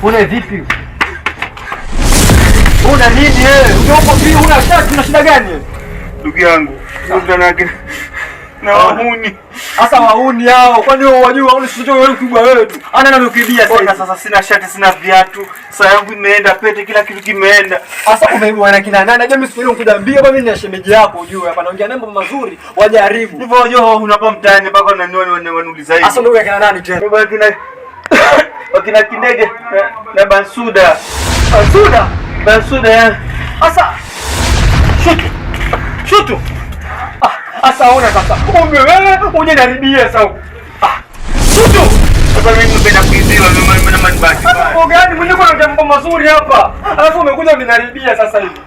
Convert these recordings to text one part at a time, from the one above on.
Pune vipi? Una nini e wewe? Una e e shati, una shida gani? Ndugu yangu, mtanake na wahuni. Sasa wahuni hao, kwani wao wajua wahuni sio wewe kubwa wewe tu. Ana nani ukibia sasa? Sasa sina shati, sina viatu. Saa yangu imeenda, pete kila kitu kimeenda. Sasa umeibwa na kina nani? Najua mimi sikwenda kukudambia baba, mimi ni shemeji yako ujue. Hapa naongea naye mambo mazuri, wajaribu. Ndivyo wajua unapa mtaani mpaka unaniona wanauliza hivi. Sasa ndio kina nani tena? Baba kina wakina Kindege na, na Bansuda Bansuda Bansuda. Asa. shutu shutu, ah, asa ona sasa, kumbe wewe uje naribia sasa ah, shutu. Sasa mimi napenda kuizima mimi na mani basi kwa gani niko na jambo mazuri hapa, alafu umekuja unanaribia sasa hivi.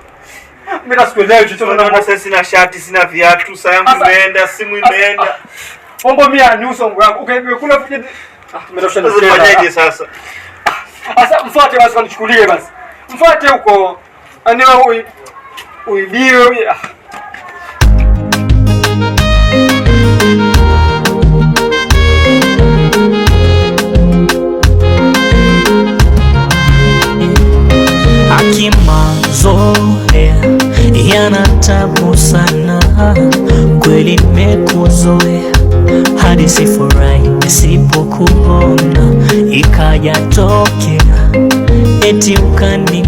Mimi nasikuelewi chochote, na sasa sina shati sina viatu, sasa yangu imeenda, simu imeenda, pombe mimi ni usongo wako, ukaimekula okay, sasa sasa, mfuate basi, wanichukulie basi, mfuate huko aneo uibiwe ah. akimazoea eh, sana kweli, nimekuzoea hadi sifurahi nisipokuona, ikajatokea eti ukani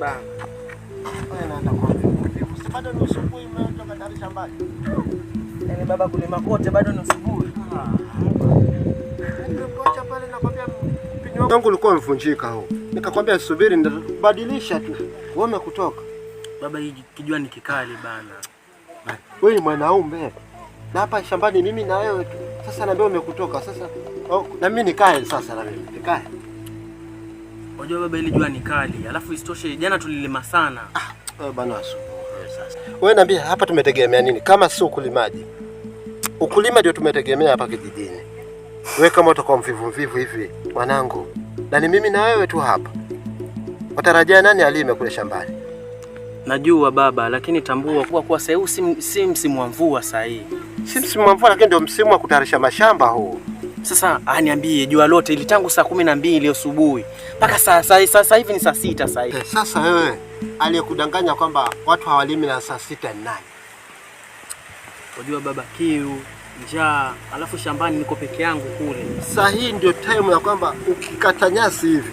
bana. Wewe Bado ni asubuhi umetoka tayari Yaani baba kulima kote bado ni asubuhi. Nikuacha ulikuwa umevunjika huo. Nikakwambia subiri nitabadilisha tu. Wewe umekutoka. Baba hii kijua ni kikali bana. Wewe ni mwanaume. Na hapa shambani mimi na wewe tu. Sasa naambia umekutoka. Sasa oh, na mimi nikae sasa na mimi nikae. Unajua baba, ile jua ni kali, alafu isitoshe jana tulilima sana. Ah, bana asubuhi sasa. Wewe niambia hapa tumetegemea nini kama si ukulimaji? Ukulima ndio tumetegemea hapa kijijini. Wewe kama utakuwa mvivu mvivu hivi mwanangu, na ni mimi na wewe tu hapa, watarajia nani alime kule shambani? Najua baba, lakini tambua kuwa kuwa sasa si msimu wa mvua. Sasa hii si msimu wa mvua, lakini ndio msimu wa kutayarisha mashamba huu. Sasa aniambie jua lote ili tangu saa kumi na mbili asubuhi mpaka sasa hivi ni saa sita saa hivi. Eh, sasa wewe aliyekudanganya kwamba watu hawalimi na saa sita ni nani? Unajua baba, kiu, njaa, alafu shambani niko peke yangu kule. Saa hii ndio time ya kwamba ukikata nyasi hivi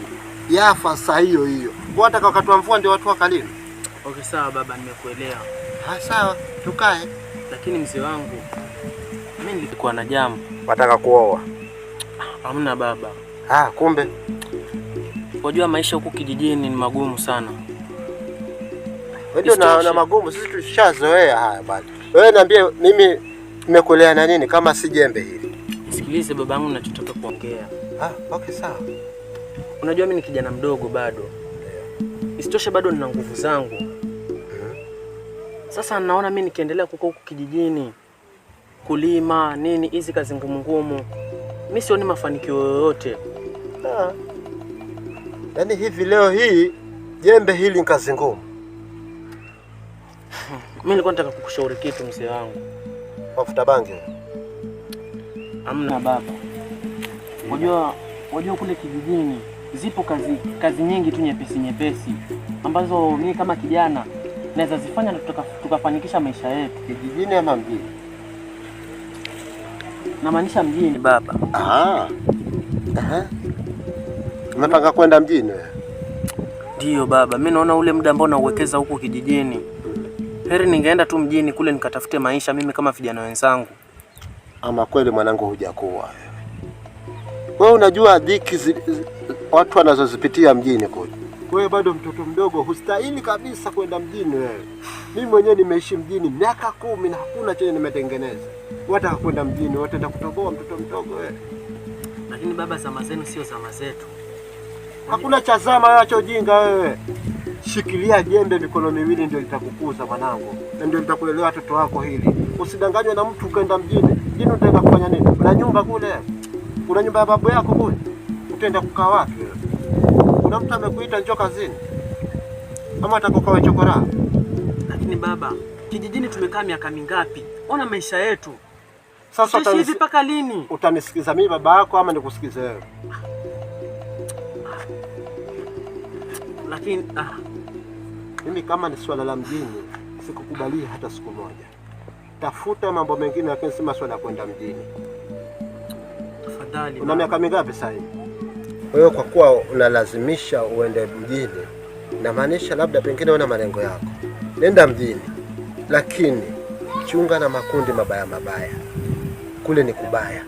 yafa saa hiyo hiyo, hata wakati wa mvua ndio watu wakalima. Okay, sawa baba, nimekuelewa. Ha, sawa tukae, lakini mzee wangu mimi nilikuwa na jambo. Wataka kuoa Hamna baba. Ah, kumbe unajua maisha huku kijijini ni magumu sana. Wewe na, na magumu sisi tushazoea haya bali. Wewe niambie mimi nimekulea na nini kama si jembe hili? Sikilize babangu, ninachotaka kuongea. Ah, okay sawa. Unajua mimi ni kijana mdogo bado. Isitoshe bado nina nguvu zangu. Mm-hmm. Sasa naona mimi nikiendelea kukaa huku kijijini kulima nini hizi kazi ngumu ngumu mi sioni mafanikio yoyote. Yaani hivi leo hii jembe hili ni kazi ngumu. Mi nilikuwa nataka kukushauri kitu mzee wangu. Mafuta bangi Amna baba. Unajua, unajua kule kijijini zipo kazi kazi nyingi tu nyepesi nyepesi ambazo mimi kama kijana naweza zifanya na tukafanikisha maisha yetu kijijini ama mjini. Namaanisha mjini baba. umepanga Aha. kwenda mjini wewe? ndio baba, mi naona ule muda ambao nauwekeza huko kijijini, heri ningeenda tu mjini kule nikatafute maisha mimi kama vijana wenzangu. Ama kweli mwanangu, hujakuwa wewe, unajua dhiki watu wanazozipitia mjini kule. Wewe bado mtoto mdogo, hustahili kabisa kwenda mjini wewe. Mimi mwenyewe nimeishi mjini miaka kumi na hakuna chenye nimetengeneza wataka kwenda mjini, wataenda kutoboa mtoto mdogo wewe. Eh. Lakini baba, zama zenu sio zama zetu. Hakuna cha zama yacho jinga wewe. Shikilia jembe mikono miwili, ndio litakukuza mwanangu, na ndio litakulelea watoto wako. Hili usidanganywe na mtu ukaenda mjini. Mjini utaenda kufanya nini? Kuna nyumba kule, kuna nyumba ya babu yako kule, utaenda kukaa wapi? Kuna mtu amekuita njoo kazini, ama atakukawa chokora? Lakini baba, kijijini tumekaa miaka mingapi? Ona maisha yetu sasa, sisi hivi mpaka lini? Utanisikiza mimi baba yako ama nikusikize wewe? Lakini ah, mimi kama ni swala la mjini sikukubali hata siku moja. Tafuta mambo mengine, lakini sima swala ya kwenda mjini. Tafadhali. Una miaka mingapi sasa hivi? hiyo kwa kuwa unalazimisha uende mjini, namaanisha labda pengine una malengo yako. Nenda mjini, lakini kujichunga na makundi mabaya mabaya, kule ni kubaya.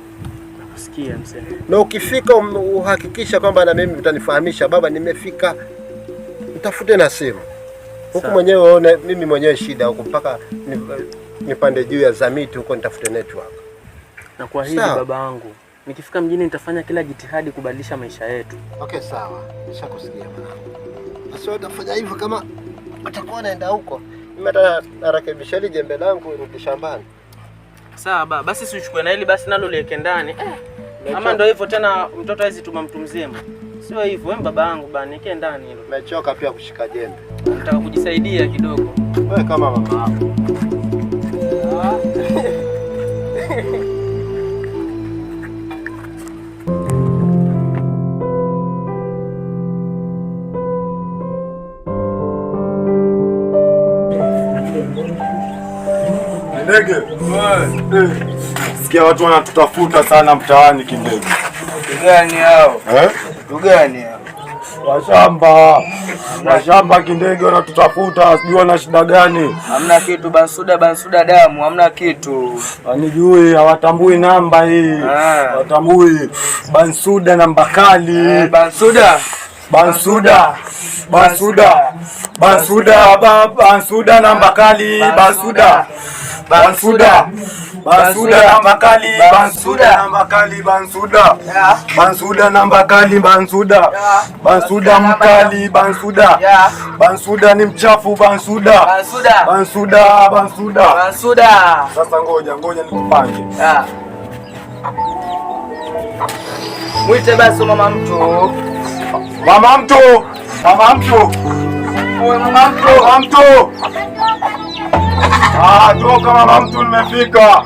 Nakusikia mzee. Na ukifika um, uhakikisha kwamba na mimi mtanifahamisha, baba, nimefika, mtafute na simu huku mwenyewe waone, mimi mwenyewe shida huku mpaka nipande juu ya zamiti huko nitafute network. Na kwa hili baba wangu, nikifika mjini nitafanya kila jitihadi kubadilisha maisha yetu. Okay, sawa. Nishakusikia baba. Basi utafanya hivyo kama utakuwa unaenda huko hili jembe langu irudi shambani. Sawa baba, basi si uchukue na hili basi nalo liweke ndani eh. Ama ndio hivyo tena, mtoto hawezi tuma mtu mzima, sio hivyo baba yangu bana, ikae ndani hilo. Nimechoka pia kushika jembe, nataka kujisaidia kidogo. Wewe kama mama yako ah. Kindege, sikia watu wanatutafuta sana mtaani Kindege. Gani hao? Eh? Gani hao? Washamba, washamba Kindege wanatutafuta, sijui wana shida gani? Hamna kitu Bansuda, Bansuda damu, hamna kitu. Wanijui, hawatambui namba hii, ah. hawatambui eh, Bansuda namba kali. Bansuda Bansuda, Bansuda, Bansuda, Bansuda namba kali, Bansuda. Bansuda, Bansuda namba kali, Bansuda namba kali, Bansuda, Bansuda namba kali, Bansuda, Bansuda mkali, Bansuda, Bansuda ni mchafu, Bansuda, Bansuda, Bansuda, Bansuda. Bansuda. Sasa ngoja ngoja nikupange. Mwite basi mama mtu, mama mtu, mama mtu, mama mtu, mama mtu Ah, toka mama mtu nimefika.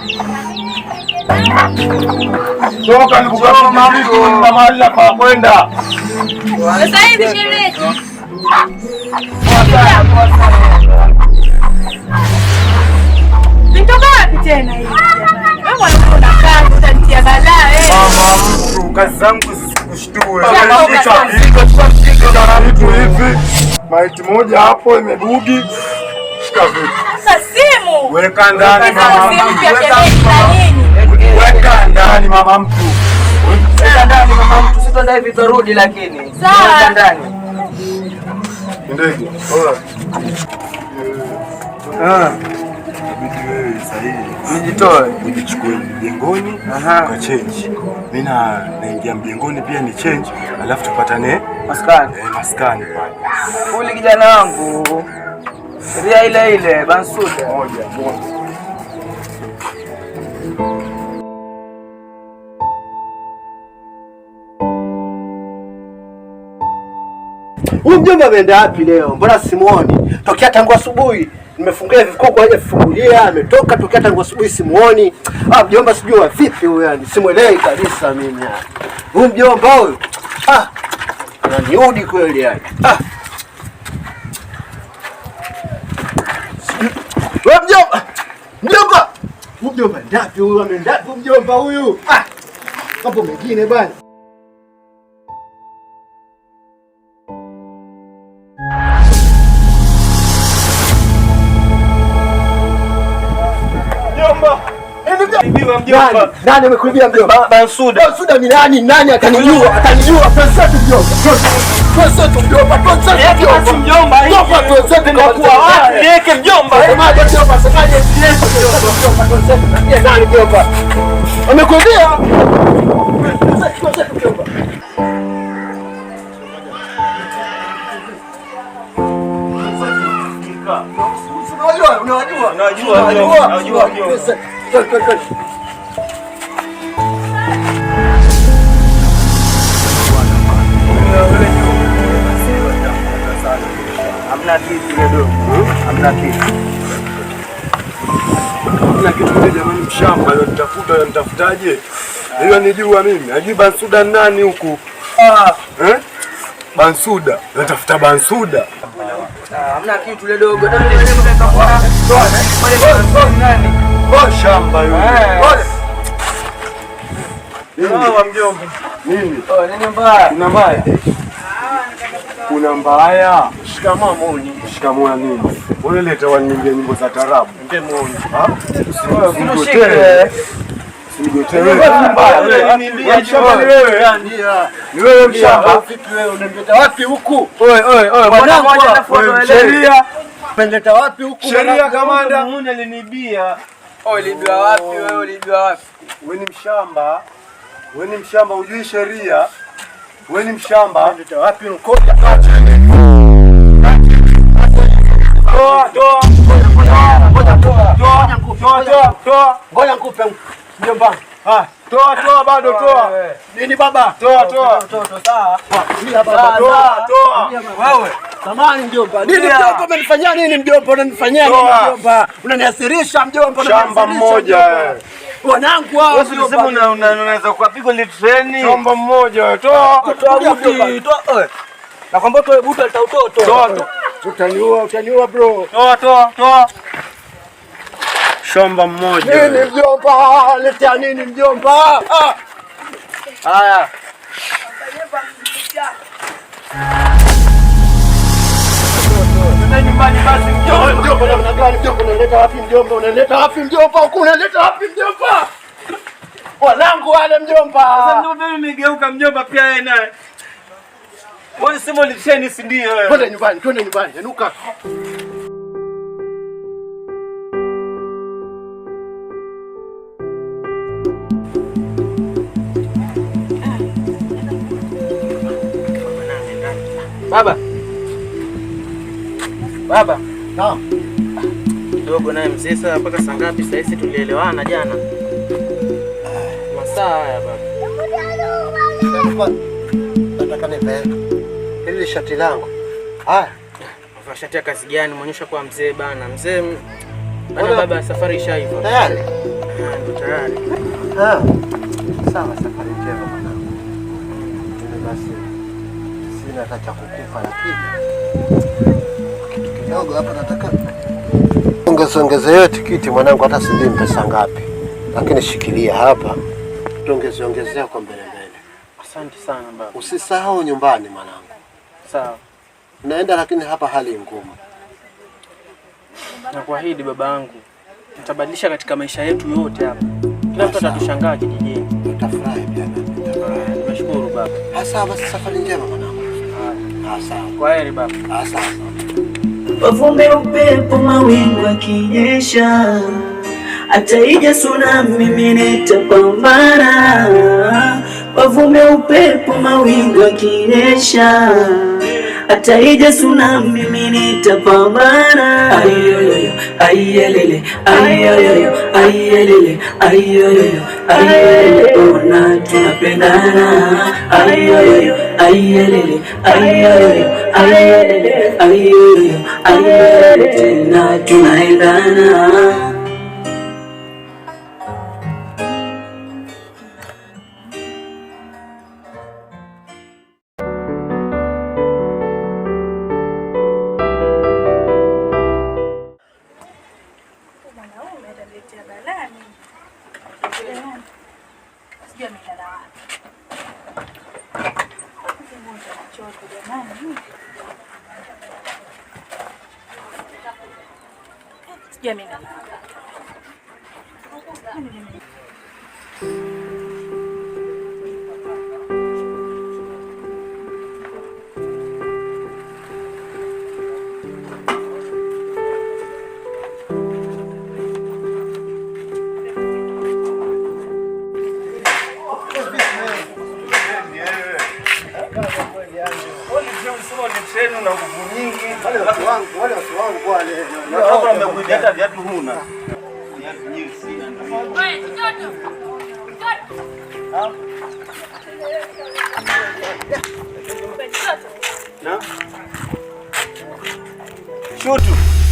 Toka nikugawa mama mtu na pa kwenda. Sasa hivi shemeji. Nitoka wapi tena Wewe utanitia balaa eh. Mama mtu kazi zangu zisikushtue. maiti moja hapo imebugi. Unashika vipi? Simu. Weka ndani mama mtu. Weka ndani mama mtu. Weka ndani mama mtu. Sitaenda hivi tarudi lakini. Weka ndani. Ndege. Bora. Ah. Nijitoe nijichukue mjengoni kwa change. Mimi na naingia mjengoni pia ni change, alafu tupatane maskani. Eh, maskani pale. Kule kijana wangu. Sheria ile ile Bansuda. Moja moja. Huyu mjomba ameenda wapi leo? Mbona simuoni? Tokea tangu asubuhi nimefungia vikuku fungulia ametoka tokea tangu asubuhi simuoni. Ah, mjomba sijui wa vipi huyu yani, simuelewi kabisa mimi. Huyu mjomba huyu. Ah. Ananiudi kweli yani. Ah. mjomba ndapi huyu, amendapi mjomba huyu. Ah, mengine bwana. Nani amekuibia mjomba? Bansuda. Bansuda ni nani? Nani atanijua? Atanijua pesa tu mjomba. Unajua, hamna kitu Hamna kitu. Kuna kitu jamani mshamba leo nitafuta leo nitafutaje? Hiyo nijua mimi. ajui Bansuda nani huku? Ah, eh? Bansuda. Natafuta Bansuda. Hamna kitu dogo. Oh, shamba yule. Eh kuna mbaya. Shikamoo Moni. Shikamoo ya nini? Wewe leta wanimbie nyimbo za tarabu. Ndio Moni. Ah? Usinigotee. wewe. Ni wewe mshamba. Vipi wewe unaleta wapi huku? Oi oi oi. sheria. Unaleta wapi huku? Sheria kamanda. Moni Oi, wapi wewe? wapi? Wewe ni mshamba. Wewe ni mshamba, hujui sheria. Wewe ni mshamba. Wapi unakoja? Toa, toa. Ngoja toa. Toa, toa, toa. nikupe mjomba. Ah, toa, toa bado toa. Nini baba? Toa, toa. Toa toa, toa. Wewe. Samahani mjomba. Nini mjomba umenifanyia nini mjomba? Unanifanyia nini mjomba? Unaniasirisha mjomba. Shamba mmoja. Wanangu hao. Wewe unasema una unaweza kupigwa ile treni. Chombo mmoja wewe toa. Toa eh. buti. Toa. Na kwamba toa buti utatoa toa. Toa. Utaniua, utaniua bro. Toa toa toa. Shamba mmoja. Nini mjomba? Letea nini mjomba? Ah. Haya. Ah mnaenda nyumbani basi. Mjomba, mjomba namna gani? Mjomba unaleta wapi? Mjomba unaleta wapi? Mjomba huko unaleta wapi? Mjomba wanangu wale, mjomba. mjomba mimi nimegeuka mjomba pia yeye naye. Wewe sema ulisheni, si ndio wewe? Twende nyumbani, twende nyumbani. Enuka. Baba. Baba. Naam. Dogo naye mzee sasa mpaka saa ngapi sasa hivi tulielewana jana? Masaa haya baba. Nataka nipe hili shati langu. Haya. Vaa shati ya kazi gani? Muonyesha kwa mzee bana. Mzee bana baba safari ishaiva. Tayari. Ah, ndio Tayari. Ah. Sawa, safari njema mwanangu. Basi sina hata cha kukufa lakini kidogo hapa, nataka hiyo tikiti mwanangu, hata sijui pesa ngapi, lakini shikilia hapa, tuongeziongezea kwa mbele mbele. Asante sana baba. Usisahau nyumbani mwanangu. Sawa. Naenda lakini hapa hali ngumu. Nakuahidi baba yangu, nitabadilisha katika maisha yetu yote hapa. Kila mtu atatushangaa kijijini. Utafurahi pia. Nashukuru baba. Hasa basi, safari njema mwanangu. Hasa. Kwaheri baba. Hasa pavume upepo, mawingu akinyesha, hata ije tsunami nitapambana. pavume upepo, mawingu akinyesha hata ije tsunami mimi nitapambana. Ayoyoyo, ayelele, ayoyoyo, ayelele, ayoyoyo, ayelele, ona tunapendana. Ayoyoyo, ayelele, ayoyoyo, ayelele, ayoyoyo, ayelele, tena tunaendana. Ganun. Tapos gamit na lang. Kasi mo siya na ko ganun. Tapos gamit na lang. Ano gamit? wale watu wangu wale watu wangu wale hapo wamekuja viatu huna viatu